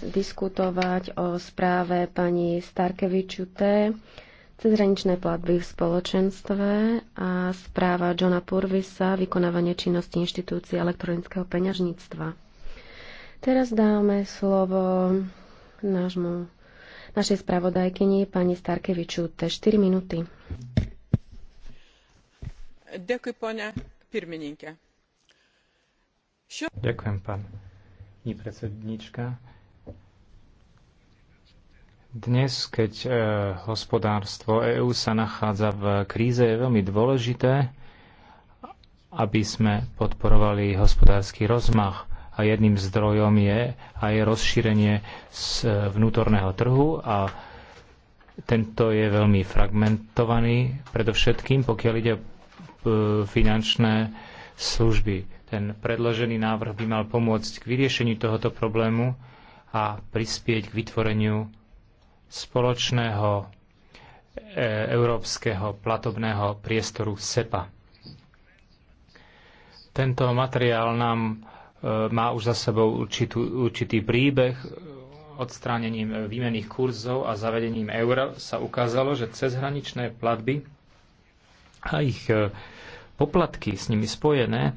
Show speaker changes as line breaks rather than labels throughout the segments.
diskutovať o správe pani Starkevičuté cezhraničné platby v spoločenstve a správa Johna Purvisa vykonávanie činnosti inštitúcií elektronického peňažníctva. Teraz dáme slovo nášmu, našej spravodajkyni pani Starkeviču. Te 4 minúty. Ďakujem, pani pirmininke.
Ďakujem, pani predsednička. Dnes, keď e, hospodárstvo EÚ sa nachádza v kríze, je veľmi dôležité, aby sme podporovali hospodársky rozmach. A jedným zdrojom je aj rozšírenie z e, vnútorného trhu a tento je veľmi fragmentovaný, predovšetkým pokiaľ ide o e, finančné služby. Ten predložený návrh by mal pomôcť k vyriešeniu tohoto problému a prispieť k vytvoreniu spoločného e, európskeho platobného priestoru SEPA. Tento materiál nám e, má už za sebou určitú, určitý príbeh. Odstránením výmených kurzov a zavedením eura sa ukázalo, že cezhraničné platby a ich e, poplatky s nimi spojené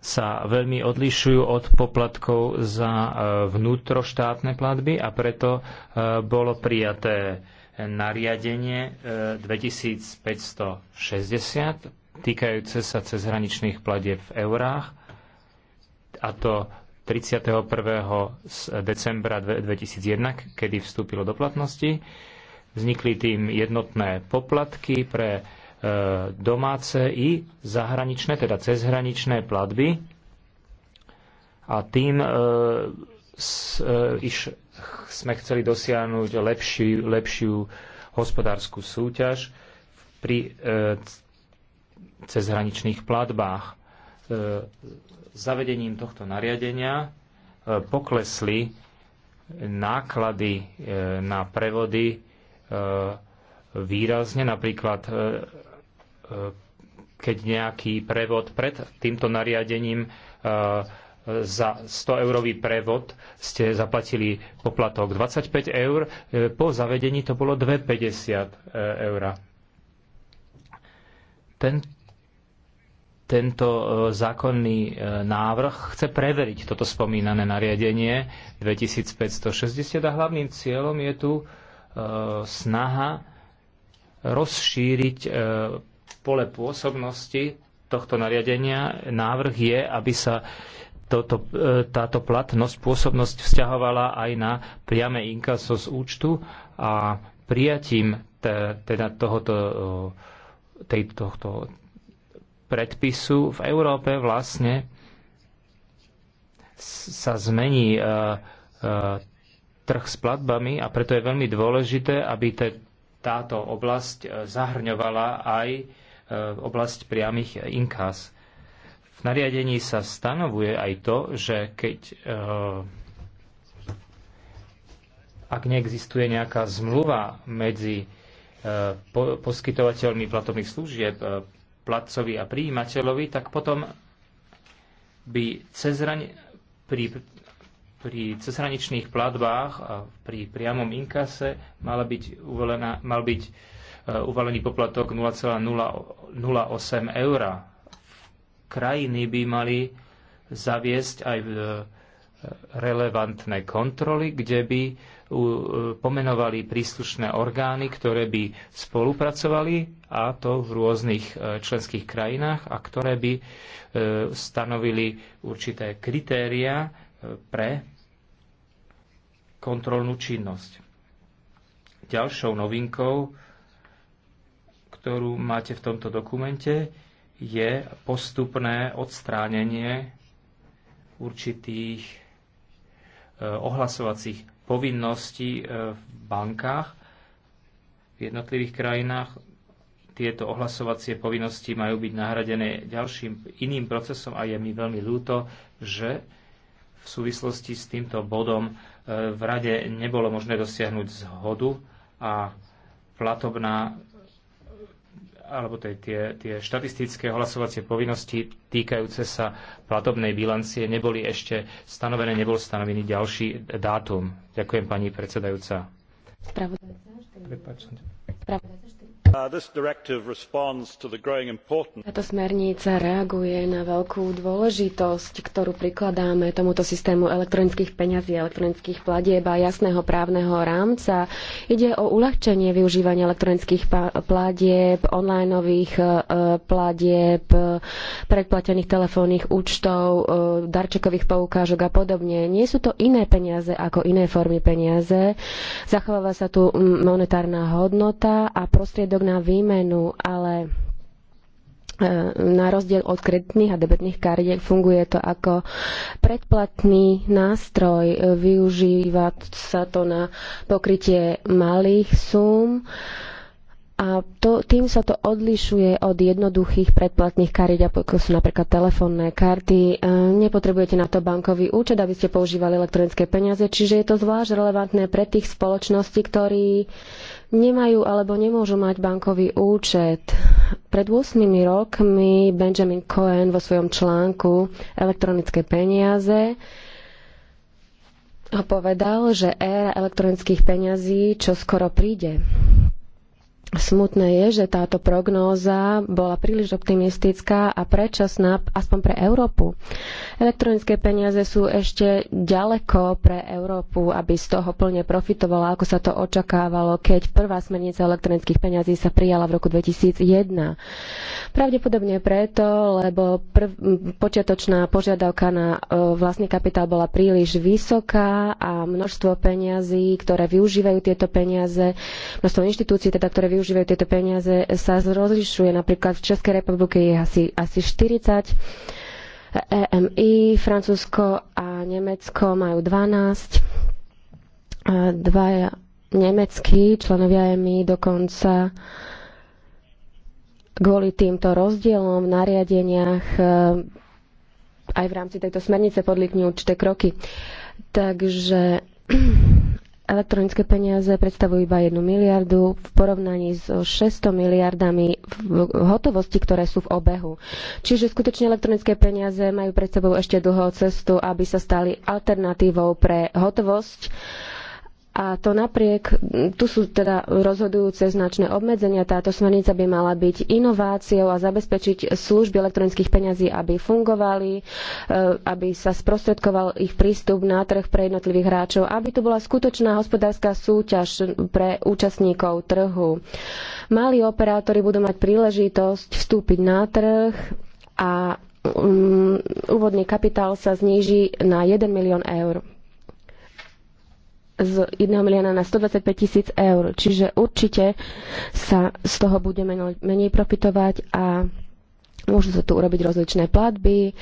sa veľmi odlišujú od poplatkov za e, vnútroštátne platby a preto e, bolo prijaté nariadenie 2560 e, týkajúce sa cezhraničných platieb v eurách a to 31. decembra 2001, kedy vstúpilo do platnosti. Vznikli tým jednotné poplatky pre E, domáce i zahraničné, teda cezhraničné platby a tým e, e, iš, sme chceli dosiahnuť lepší, lepšiu hospodárskú súťaž pri cezhraničných platbách. Zavedením tohto nariadenia poklesli náklady na prevody výrazne, napríklad E, keď nejaký prevod pred týmto nariadením e, za 100 eurový prevod ste zaplatili poplatok 25 eur, e, po zavedení to bolo 2,50 eur. Ten, tento zákonný návrh chce preveriť toto spomínané nariadenie 2560 a hlavným cieľom je tu snaha rozšíriť pole pôsobnosti tohto nariadenia návrh je, aby sa toto, e, táto platnosť, pôsobnosť vzťahovala aj na priame inkaso z účtu a prijatím teda tohoto, e, tej, tohto predpisu v Európe vlastne sa zmení e, trh s platbami a preto je veľmi dôležité, aby táto oblasť e, zahrňovala aj e, oblasť priamých inkás. V nariadení sa stanovuje aj to, že keď e, ak neexistuje nejaká zmluva medzi poskytovateľmi platobných služieb, platcovi a príjimateľovi, tak potom by cezraň pri pri cezhraničných platbách a pri priamom inkase mala byť uvolená, mal byť e, uvalený poplatok 0,008 eur. Krajiny by mali zaviesť aj e, relevantné kontroly, kde by e, pomenovali príslušné orgány, ktoré by spolupracovali a to v rôznych členských krajinách a ktoré by stanovili určité kritéria, pre kontrolnú činnosť. Ďalšou novinkou, ktorú máte v tomto dokumente, je postupné odstránenie určitých e, ohlasovacích povinností e, v bankách v jednotlivých krajinách. Tieto ohlasovacie povinnosti majú byť nahradené ďalším iným procesom a je mi veľmi ľúto, že v súvislosti s týmto bodom e, v rade nebolo možné dosiahnuť zhodu a platobná alebo tie, tie, tie štatistické hlasovacie povinnosti týkajúce sa platobnej bilancie neboli ešte stanovené, nebol stanovený ďalší dátum. Ďakujem pani predsedajúca.
Spravodajca. Prepačte. Spravodajca
Uh, Táto smernica
reaguje na veľkú dôležitosť, ktorú prikladáme tomuto systému elektronických peňazí, elektronických platieb a jasného právneho rámca. Ide o uľahčenie využívania elektronických platieb, onlineových uh, platieb, predplatených telefónnych účtov, uh, darčekových poukážok a podobne. Nie sú to iné peniaze ako iné formy peniaze. Zachováva sa tu monetárna hodnota a prostriedok príspevok na výmenu, ale e, na rozdiel od kreditných a debetných kariet funguje to ako predplatný nástroj. Využíva sa to na pokrytie malých súm a to, tým sa to odlišuje od jednoduchých predplatných kariet, ako sú napríklad telefónne karty. E, nepotrebujete na to bankový účet, aby ste používali elektronické peniaze, čiže je to zvlášť relevantné pre tých spoločností, ktorí nemajú alebo nemôžu mať bankový účet. Pred 8 rokmi Benjamin Cohen vo svojom článku Elektronické peniaze povedal, že éra elektronických peňazí čo skoro príde. Smutné je, že táto prognóza bola príliš optimistická a predčasná, aspoň pre Európu. Elektronické peniaze sú ešte ďaleko pre Európu, aby z toho plne profitovala, ako sa to očakávalo, keď prvá smernica elektronických peniazí sa prijala v roku 2001. Pravdepodobne preto, lebo prv, počiatočná požiadavka na e, vlastný kapitál bola príliš vysoká a množstvo peniazí, ktoré využívajú tieto peniaze, množstvo inštitúcií, teda, ktoré využívajú využívajú tieto peniaze, sa rozlišuje. Napríklad v Českej republike je asi, asi 40 EMI, Francúzsko a Nemecko majú 12. Dvaja nemeckí členovia EMI dokonca kvôli týmto rozdielom v nariadeniach e, aj v rámci tejto smernice podlikňujú určité kroky. Takže elektronické peniaze predstavujú iba 1 miliardu v porovnaní so 600 miliardami v hotovosti, ktoré sú v obehu. Čiže skutočne elektronické peniaze majú pred sebou ešte dlhú cestu, aby sa stali alternatívou pre hotovosť a to napriek, tu sú teda rozhodujúce značné obmedzenia. Táto smernica by mala byť inováciou a zabezpečiť služby elektronických peňazí, aby fungovali, e, aby sa sprostredkoval ich prístup na trh pre jednotlivých hráčov, aby tu bola skutočná hospodárska súťaž pre účastníkov trhu. Malí operátori budú mať príležitosť vstúpiť na trh a um, úvodný kapitál sa zníži na 1 milión eur z 1 milióna na 125 tisíc eur. Čiže určite sa z toho bude menej profitovať a môžu sa tu urobiť rozličné platby.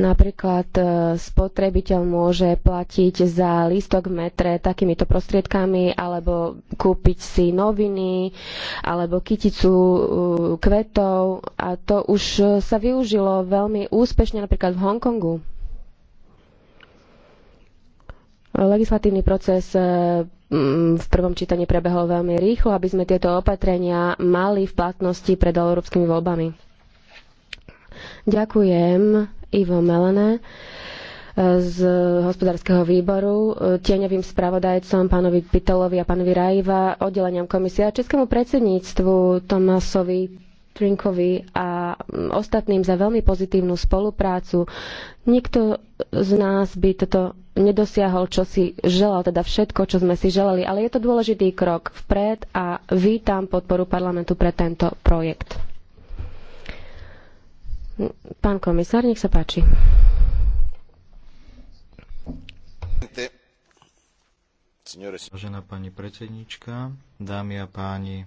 Napríklad e, spotrebiteľ môže platiť za lístok v metre takýmito prostriedkami, alebo kúpiť si noviny, alebo kyticu e, kvetov. A to už sa využilo veľmi úspešne napríklad v Hongkongu. Legislatívny proces eh, mm, v prvom čítaní prebehol veľmi rýchlo, aby sme tieto opatrenia mali v platnosti pred európskymi voľbami. Ďakujem Ivo Melene eh, z hospodárskeho výboru, eh, tieňovým spravodajcom, pánovi Pitolovi a pánovi Rajiva, oddeleniam komisie a českému predsedníctvu Tomasovi Trinkovi a mm, ostatným za veľmi pozitívnu spoluprácu. Nikto z nás by toto nedosiahol, čo si želal, teda všetko, čo sme si želali, ale je to dôležitý krok vpred a vítam podporu parlamentu pre tento projekt. Pán komisár, nech sa páči.
Vážená pani predsednička, dámy a páni,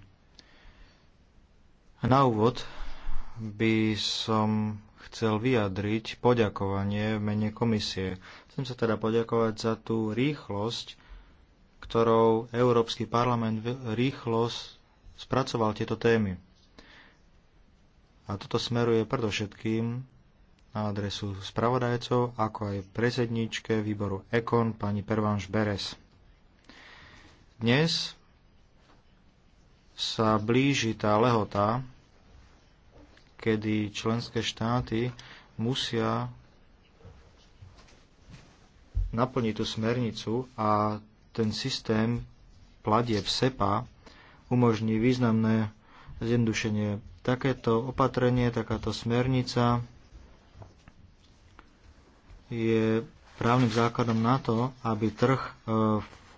na úvod by som chcel vyjadriť poďakovanie v mene komisie. Chcem sa teda poďakovať za tú rýchlosť, ktorou Európsky parlament rýchlo spracoval tieto témy. A toto smeruje predovšetkým na adresu spravodajcov, ako aj predsedníčke výboru EKON, pani Pervanš Beres. Dnes sa blíži tá lehota, kedy členské štáty musia naplniť tú smernicu a ten systém platieb SEPA umožní významné zjednodušenie. Takéto opatrenie, takáto smernica je právnym základom na to, aby trh e,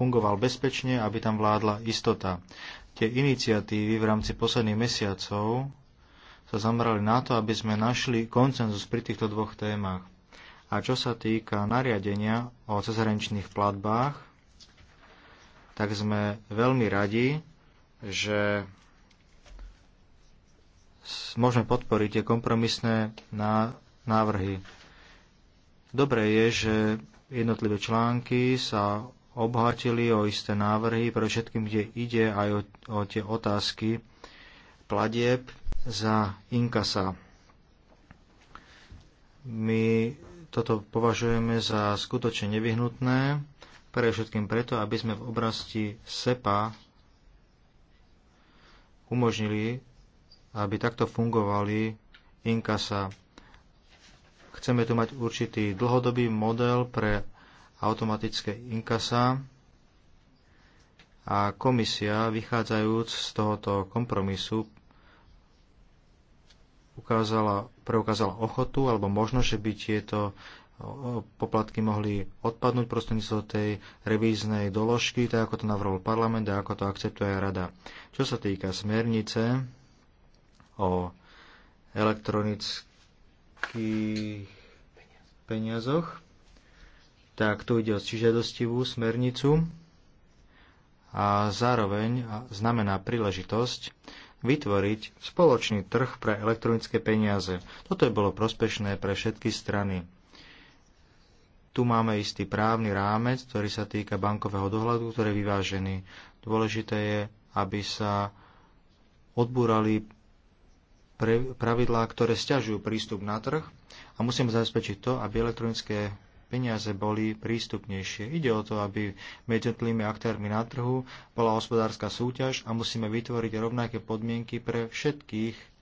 fungoval bezpečne, aby tam vládla istota. Tie iniciatívy v rámci posledných mesiacov sa zamerali na to, aby sme našli koncenzus pri týchto dvoch témach. A čo sa týka nariadenia o cezhraničných platbách, tak sme veľmi radi, že môžeme podporiť tie kompromisné návrhy. Dobré je, že jednotlivé články sa obhatili o isté návrhy, pre všetkým, kde ide aj o, o tie otázky platieb za inkasa. My toto považujeme za skutočne nevyhnutné, pre všetkým preto, aby sme v oblasti SEPA umožnili, aby takto fungovali inkasa. Chceme tu mať určitý dlhodobý model pre automatické inkasa a komisia, vychádzajúc z tohoto kompromisu, ukázala, preukázala ochotu alebo možnosť, že by tieto poplatky mohli odpadnúť prostredníctvom tej revíznej doložky, tak ako to navrhol parlament a ako to akceptuje aj rada. Čo sa týka smernice o elektronických peniazoch, tak tu ide o žiadostivú smernicu a zároveň znamená príležitosť vytvoriť spoločný trh pre elektronické peniaze. Toto je bolo prospešné pre všetky strany. Tu máme istý právny rámec, ktorý sa týka bankového dohľadu, ktorý je vyvážený. Dôležité je, aby sa odbúrali pravidlá, ktoré stiažujú prístup na trh a musíme zabezpečiť to, aby elektronické peniaze boli prístupnejšie. Ide o to, aby medzi tými aktérmi na trhu bola hospodárska súťaž a musíme vytvoriť rovnaké podmienky pre všetkých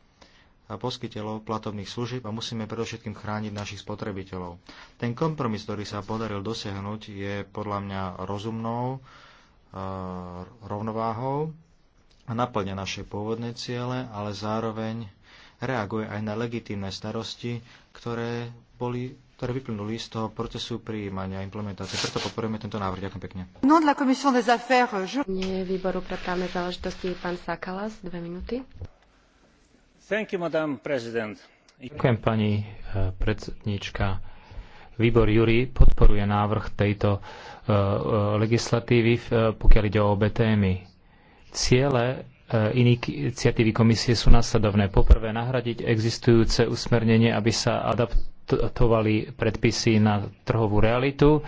poskytelov platobných služieb a musíme predovšetkým chrániť našich spotrebiteľov. Ten kompromis, ktorý sa podaril dosiahnuť, je podľa mňa rozumnou e, rovnováhou a naplňa naše pôvodné ciele, ale zároveň reaguje aj na legitímne starosti, ktoré boli ktoré vyplnuli z toho procesu prijímania a implementácie. Preto podporujeme tento návrh. Ďakujem pekne.
No, dla komisie des affaires... Nie, výboru pre právne záležitosti pán Sakalas, dve minúty.
Thank you, madam president. Ďakujem, pani e, predsednička. Výbor Jury podporuje návrh tejto e, e, legislatívy, pokiaľ ide o obe témy. Ciele iniciatívy komisie sú následovné. Poprvé, nahradiť existujúce usmernenie, aby sa adaptovalo adaptovali predpisy na trhovú realitu,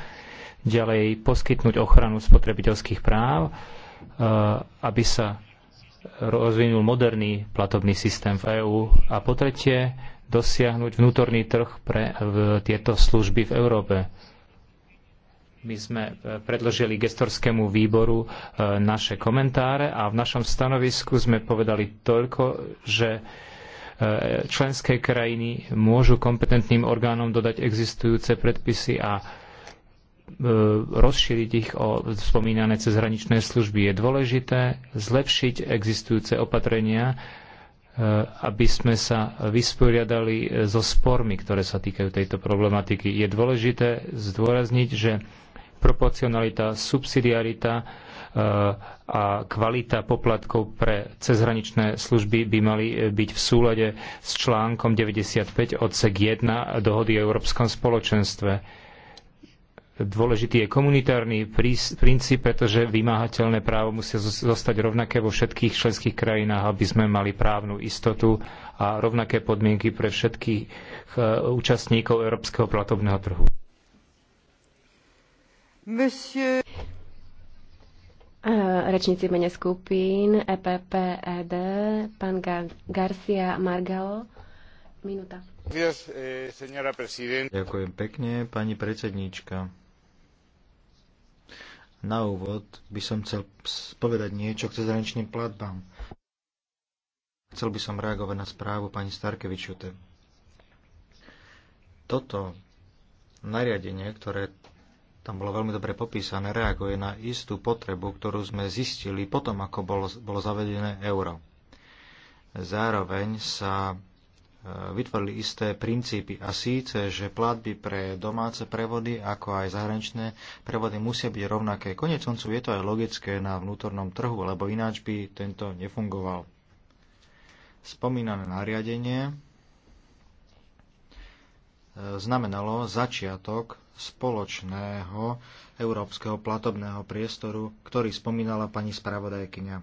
ďalej poskytnúť ochranu spotrebiteľských práv, e, aby sa rozvinul moderný platobný systém v EÚ a po tretie dosiahnuť vnútorný trh pre tieto služby v Európe. My sme e, predložili gestorskému výboru e, naše komentáre a v našom stanovisku sme povedali toľko, že E, členské krajiny môžu kompetentným orgánom dodať existujúce predpisy a e, rozšíriť ich o spomínané cezhraničné služby. Je dôležité zlepšiť existujúce opatrenia, e, aby sme sa vysporiadali so spormi, ktoré sa týkajú tejto problematiky. Je dôležité zdôrazniť, že proporcionalita, subsidiarita a kvalita poplatkov pre cezhraničné služby by mali byť v súlade s článkom 95 odsek 1 dohody o Európskom spoločenstve. Dôležitý je komunitárny princíp, pretože vymáhateľné právo musia zostať rovnaké vo všetkých členských krajinách, aby sme mali právnu istotu a rovnaké podmienky pre všetkých eh, účastníkov európskeho platobného trhu.
Monsieur... Eh, rečníci mene skupín EPP, ED, pán Gar- Garcia Margalo. Minúta.
Eh, Ďakujem pekne, pani predsedníčka. Na úvod by som chcel povedať niečo k cezhraničným platbám. Chcel by som reagovať na správu pani Starkevičute. Toto nariadenie, ktoré tam bolo veľmi dobre popísané, reaguje na istú potrebu, ktorú sme zistili potom, ako bolo, bolo zavedené euro. Zároveň sa e, vytvorili isté princípy a síce, že platby pre domáce prevody ako aj zahraničné prevody musia byť rovnaké. Konec koncu je to aj logické na vnútornom trhu, lebo ináč by tento nefungoval. Spomínané nariadenie e, znamenalo začiatok spoločného európskeho platobného priestoru, ktorý spomínala pani spravodajkyňa.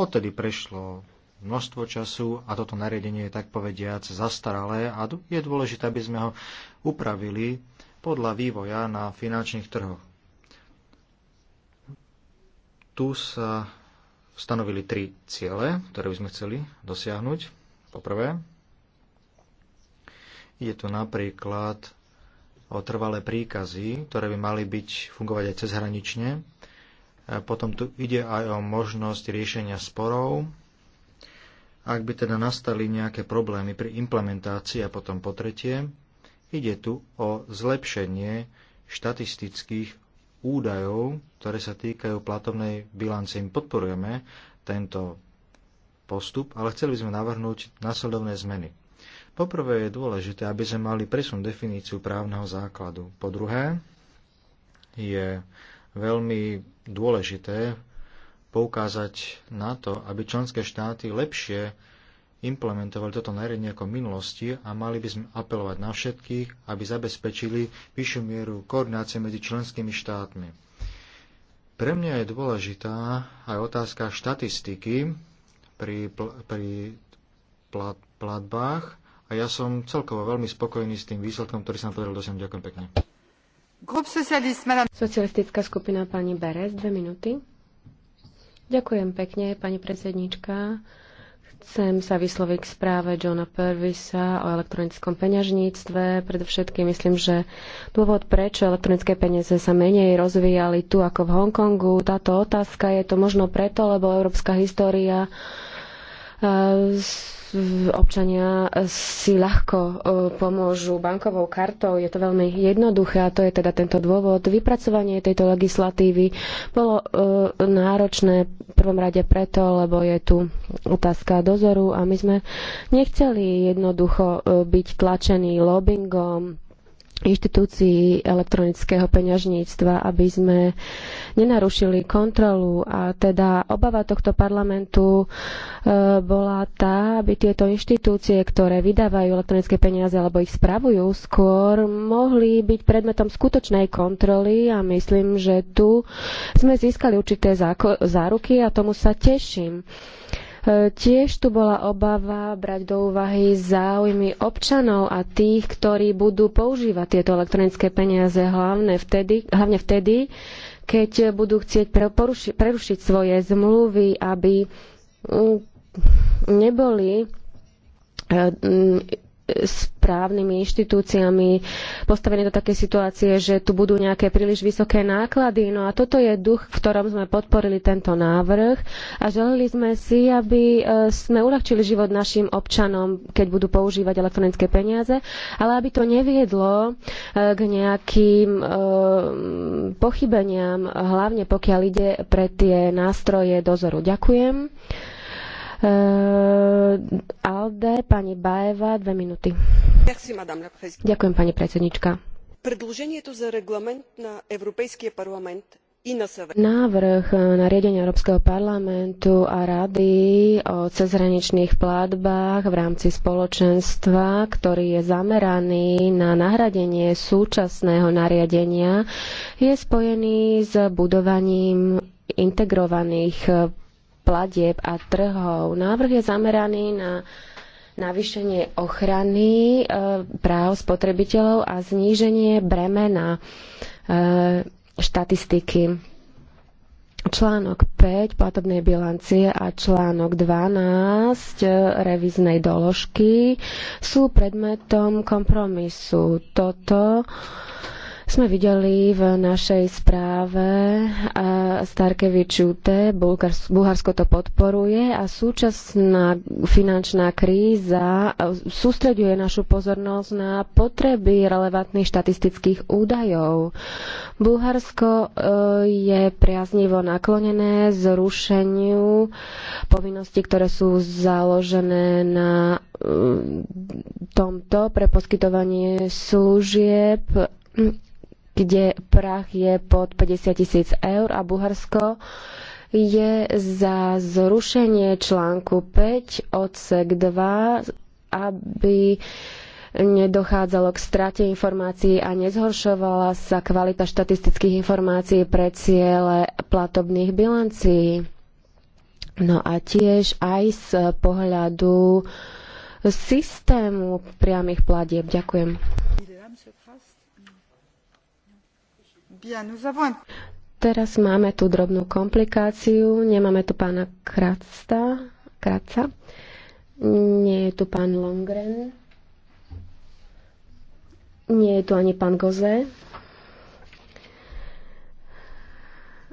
Odtedy prešlo množstvo času a toto nariadenie je tak povediac zastaralé a je dôležité, aby sme ho upravili podľa vývoja na finančných trhoch. Tu sa stanovili tri ciele, ktoré by sme chceli dosiahnuť. Poprvé, je to napríklad o trvalé príkazy, ktoré by mali byť fungovať aj cezhranične. Potom tu ide aj o možnosť riešenia sporov, ak by teda nastali nejaké problémy pri implementácii a potom po tretie, ide tu o zlepšenie štatistických údajov, ktoré sa týkajú platovnej bilance. my podporujeme tento postup, ale chceli by sme navrhnúť následovné zmeny. Poprvé je dôležité, aby sme mali presnú definíciu právneho základu. Po druhé, je veľmi dôležité poukázať na to, aby členské štáty lepšie implementovali toto nariadenie ako minulosti a mali by sme apelovať na všetkých, aby zabezpečili vyššiu mieru koordinácie medzi členskými štátmi. Pre mňa je dôležitá aj otázka štatistiky pri, pl- pri plat- platbách ja som celkovo veľmi spokojný s tým výsledkom, ktorý sa nám podaril dosiahnuť. Ďakujem pekne.
Socialistická skupina pani Berez, dve minúty. Ďakujem pekne, pani predsednička. Chcem sa vysloviť k správe Johna Purvisa o elektronickom peňažníctve. Predovšetkým myslím, že dôvod, prečo elektronické peniaze sa menej rozvíjali tu ako v Hongkongu, táto otázka je to možno preto, lebo európska história Eh, občania eh, si ľahko eh, pomôžu bankovou kartou. Je to veľmi jednoduché a to je teda tento dôvod. Vypracovanie tejto legislatívy bolo náročné v prvom rade preto, lebo je tu otázka dozoru a my sme nechceli jednoducho byť tlačení lobbyingom inštitúcií elektronického peňažníctva, aby sme nenarušili kontrolu. A teda obava tohto parlamentu e, bola tá, aby tieto inštitúcie, ktoré vydávajú elektronické peniaze alebo ich spravujú, skôr mohli byť predmetom skutočnej kontroly a myslím, že tu sme získali určité záruky a tomu sa teším. Tiež tu bola obava brať do úvahy záujmy občanov a tých, ktorí budú používať tieto elektronické peniaze hlavne vtedy, hlavne vtedy keď budú chcieť preruši, prerušiť svoje zmluvy, aby mm, neboli e, správnymi inštitúciami postavení do takej situácie, že tu budú nejaké príliš vysoké náklady. No a toto je duch, v ktorom sme podporili tento návrh a želili sme si, aby e, sme uľahčili život našim občanom, keď budú používať elektronické peniaze, ale aby to neviedlo e, k nejakým e, pochybeniam, hlavne pokiaľ ide pre tie nástroje dozoru. Ďakujem. Eh, ALDE, pani Baeva, dve minúty. Ďakujem, pani predsednička. Predlženie to za reglament na Európsky parlament Návrh nariadenia Európskeho parlamentu a rady o cezhraničných platbách v rámci spoločenstva, ktorý je zameraný na nahradenie súčasného nariadenia, je spojený s budovaním integrovaných platieb a trhov. Návrh je zameraný na navýšenie ochrany e, práv spotrebiteľov a zníženie bremena e, štatistiky. Článok 5 platobnej bilancie a článok 12 e, reviznej doložky sú predmetom kompromisu. Toto sme videli v našej správe Starkevičute, Bulharsko to podporuje a súčasná finančná kríza sústreďuje našu pozornosť na potreby relevantných štatistických údajov. Bulharsko e, je priaznivo naklonené zrušeniu povinností, ktoré sú založené na e, tomto pre poskytovanie služieb kde prach je pod 50 tisíc eur a Bulharsko je za zrušenie článku 5 odsek 2, aby nedochádzalo k strate informácií a nezhoršovala sa kvalita štatistických informácií pre ciele platobných bilancií. No a tiež aj z pohľadu systému priamých platieb. Ďakujem. Teraz máme tu drobnú komplikáciu. Nemáme tu pána Kratsta, Kratca. Nie je tu pán Longren. Nie je tu ani pán Goze.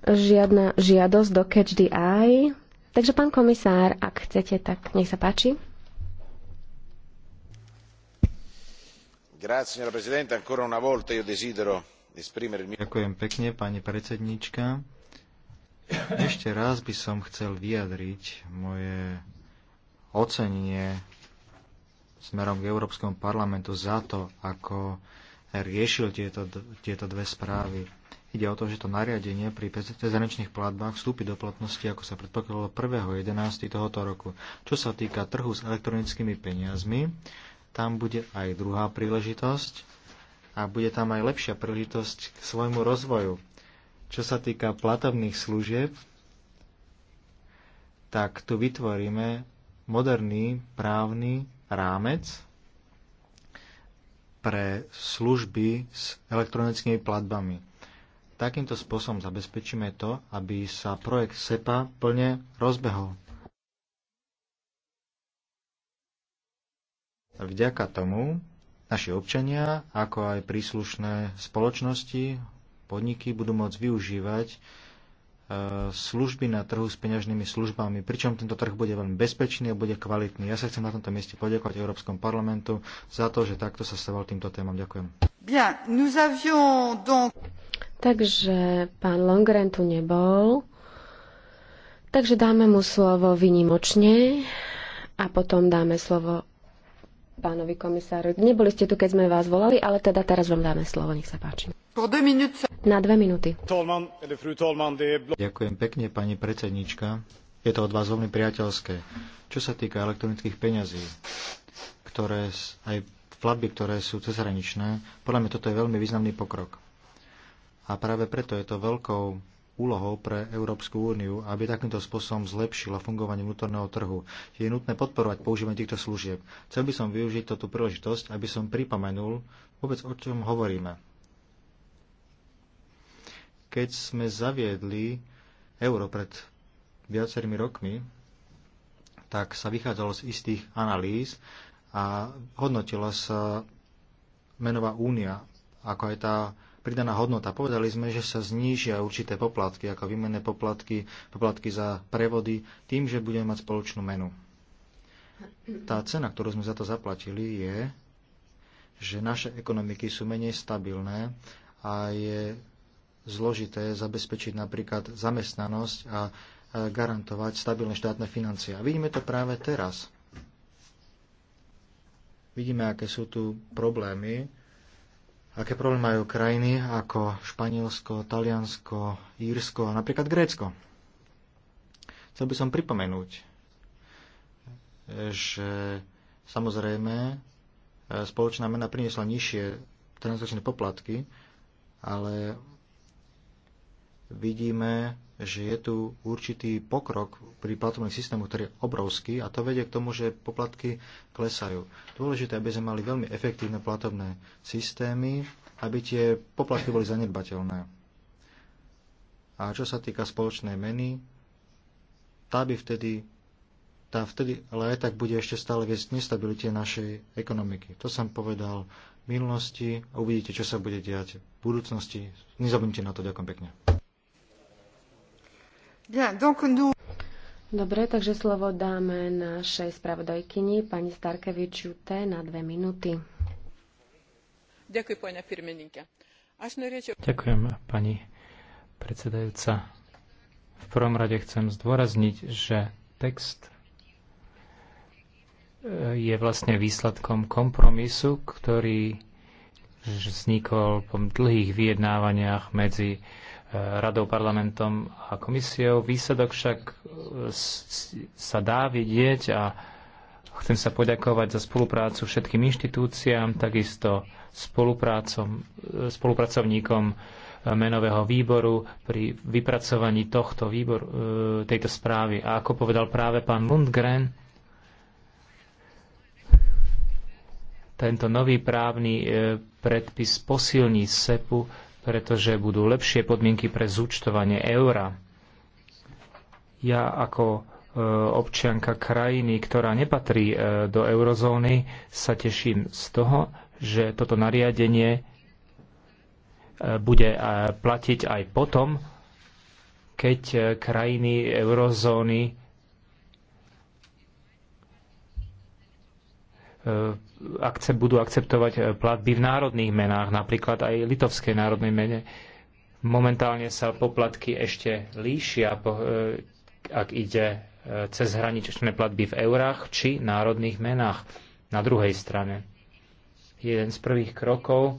Žiadna žiadosť do Catch the Eye. Takže pán komisár, ak chcete, tak nech sa páči.
Grazie, signora Presidente. Ancora una volta io desidero Ďakujem
pekne, pani predsedníčka. Ešte raz by som chcel vyjadriť moje ocenenie smerom k Európskom parlamentu za to, ako riešil tieto, tieto dve správy. Ide o to, že to nariadenie pri cezhraničných platbách vstúpi do platnosti, ako sa predpokladalo 1.11. tohoto roku. Čo sa týka trhu s elektronickými peniazmi, tam bude aj druhá príležitosť a bude tam aj lepšia príležitosť k svojmu rozvoju. Čo sa týka platobných služieb, tak tu vytvoríme moderný právny rámec pre služby s elektronickými platbami. Takýmto spôsobom zabezpečíme to, aby sa projekt SEPA plne rozbehol. Vďaka tomu naši občania, ako aj príslušné spoločnosti, podniky budú môcť využívať e, služby na trhu s peňažnými službami, pričom tento trh bude veľmi bezpečný a bude kvalitný. Ja sa chcem na tomto mieste poďakovať Európskom parlamentu za to, že takto sa staval týmto témam. Ďakujem.
Bien, nous avions donc... Takže pán Longren tu nebol, takže dáme mu slovo vynimočne a potom dáme slovo pánovi komisáru. Neboli ste tu, keď sme vás volali, ale teda teraz vám dáme slovo, nech sa páči. Na dve minúty.
Eh, Ďakujem pekne, pani predsednička. Je to od vás veľmi priateľské. Čo sa týka elektronických peňazí, ktoré aj platby, ktoré sú cezhraničné, podľa mňa toto je veľmi významný pokrok. A práve preto je to veľkou úlohou pre Európsku úniu, aby takýmto spôsobom zlepšila fungovanie vnútorného trhu. Je nutné podporovať používanie týchto služieb. Chcel by som využiť túto príležitosť, aby som pripomenul vôbec o čom hovoríme. Keď sme zaviedli euro pred viacerými rokmi, tak sa vychádzalo z istých analýz a hodnotila sa menová únia, ako aj tá pridaná hodnota. Povedali sme, že sa znížia určité poplatky, ako výmenné poplatky, poplatky za prevody, tým, že budeme mať spoločnú menu. Tá cena, ktorú sme za to zaplatili, je, že naše ekonomiky sú menej stabilné a je zložité zabezpečiť napríklad zamestnanosť a garantovať stabilné štátne financie. A vidíme to práve teraz. Vidíme, aké sú tu problémy aké problémy majú krajiny ako Španielsko, Taliansko, Írsko a napríklad Grécko. Chcel by som pripomenúť, že samozrejme e, spoločná mena priniesla nižšie transakčné poplatky, ale vidíme, že je tu určitý pokrok pri platobných systému, ktorý je obrovský a to vedie k tomu, že poplatky klesajú. Dôležité, aby sme mali veľmi efektívne platobné systémy, aby tie poplatky boli zanedbateľné. A čo sa týka spoločnej meny, tá by vtedy tá vtedy, ale aj tak bude ešte stále viesť nestabilite našej ekonomiky. To som povedal v minulosti a uvidíte, čo sa bude diať v budúcnosti. Nezabudnite na to. Ďakujem pekne.
Dobre, takže slovo dáme našej spravodajkyni, pani Starkevič Jute, na dve minúty. Ďakujem, pani pirmininke. Ďakujem,
pani predsedajúca. V prvom rade chcem zdôrazniť, že text e, je vlastne výsledkom kompromisu, ktorý vznikol po dlhých vyjednávaniach medzi radou, parlamentom a komisiou. Výsledok však e, sa dá vidieť a chcem sa poďakovať za spoluprácu všetkým inštitúciám, takisto e, spolupracovníkom e, menového výboru pri vypracovaní tohto výboru, tejto správy. A ako povedal práve pán Lundgren, tento nový právny predpis posilní SEPu pretože budú lepšie podmienky pre zúčtovanie eura. Ja ako e, občianka krajiny, ktorá nepatrí e, do eurozóny, sa teším z toho, že toto nariadenie e, bude platiť aj potom, keď krajiny eurozóny akce, budú akceptovať eh, platby v národných menách, napríklad aj litovskej národnej mene. Momentálne sa poplatky ešte líšia, eh, ak ide eh, cez hraničné platby v eurách či národných menách na druhej strane. Jeden z prvých krokov,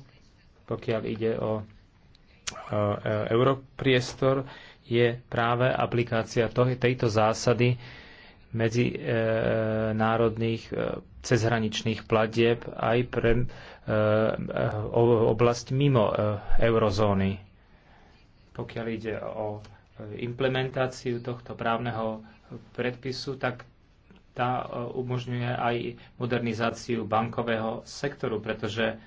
pokiaľ ide o e, europriestor, je práve aplikácia tejto zásady medzinárodných e, e, cezhraničných platieb aj pre e, oblasť mimo eurozóny. Pokiaľ ide o implementáciu tohto právneho predpisu, tak tá umožňuje aj modernizáciu bankového sektoru, pretože v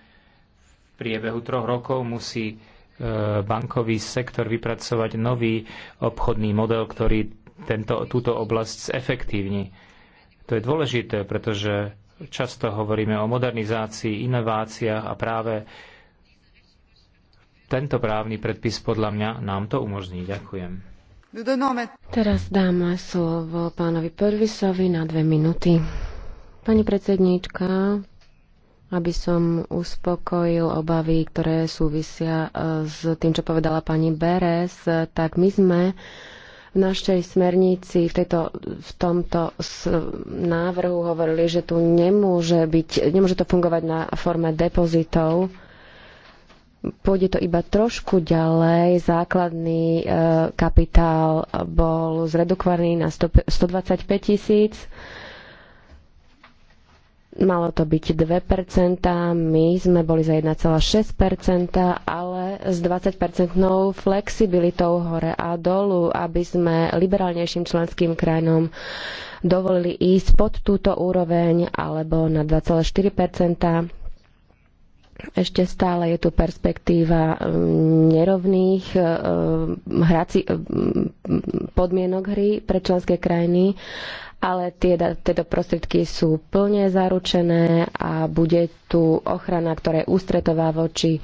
priebehu troch rokov musí bankový sektor vypracovať nový obchodný model, ktorý tento, túto oblasť zefektívni. To je dôležité, pretože často hovoríme o modernizácii, inováciách a práve tento právny predpis podľa mňa nám to umožní. Ďakujem.
Teraz dáme slovo pánovi Pervisovi na dve minúty. Pani predsedníčka, aby som uspokojil obavy, ktoré súvisia eh, s tým, čo povedala pani Beres, tak my sme v našej smernici, v, tejto, v tomto návrhu hovorili, že tu nemôže, byť, nemôže to fungovať na forme depozitov. Pôjde to iba trošku ďalej. Základný e, kapitál bol zredukovaný na 100, 125 tisíc. Malo to byť 2%, my sme boli za 1,6%, ale s 20-percentnou flexibilitou hore a dolu, aby sme liberálnejším členským krajinom dovolili ísť pod túto úroveň alebo na 2,4 ešte stále je tu perspektíva mm, nerovných e, e, e, podmienok hry pre členské krajiny ale teda, tieto prostriedky sú plne zaručené a bude tu ochrana, ktorá je ústretová voči,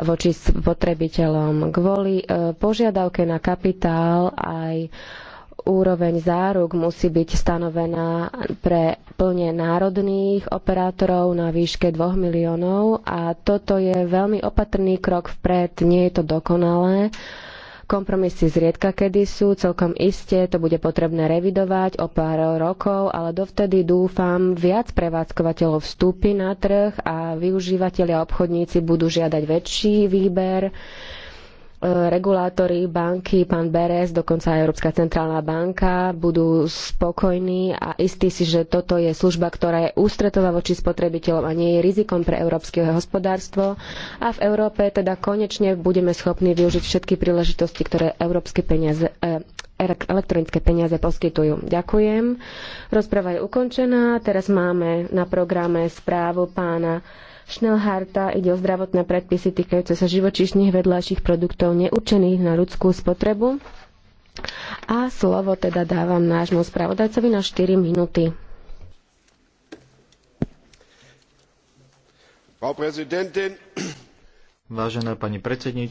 voči spotrebiteľom. Kvôli e, požiadavke na kapitál aj úroveň záruk musí byť stanovená pre plne národných operátorov na výške 2 miliónov a toto je veľmi opatrný krok vpred, nie je to dokonalé Kompromisy zriedka kedy sú, celkom iste to bude potrebné revidovať o pár rokov, ale dovtedy dúfam viac prevádzkovateľov vstúpi na trh a využívateľi a obchodníci budú žiadať väčší výber E, regulátori, banky, pán Beres, dokonca aj Európska centrálna banka budú spokojní a istí si, že toto je služba, ktorá je ústretová voči spotrebiteľom a nie je rizikom pre európske hospodárstvo. A v Európe teda konečne budeme schopní využiť všetky príležitosti, ktoré európske peniaze, e, elektronické peniaze poskytujú. Ďakujem. Rozprava je ukončená. Teraz máme na programe správu pána Schnellharta ide o zdravotné predpisy týkajúce sa živočíšnych vedľajších produktov neurčených na ľudskú spotrebu. A slovo teda dávam nášmu spravodajcovi na 4 minúty.
Frau Präsidentin, Vážená pani predsedníčka,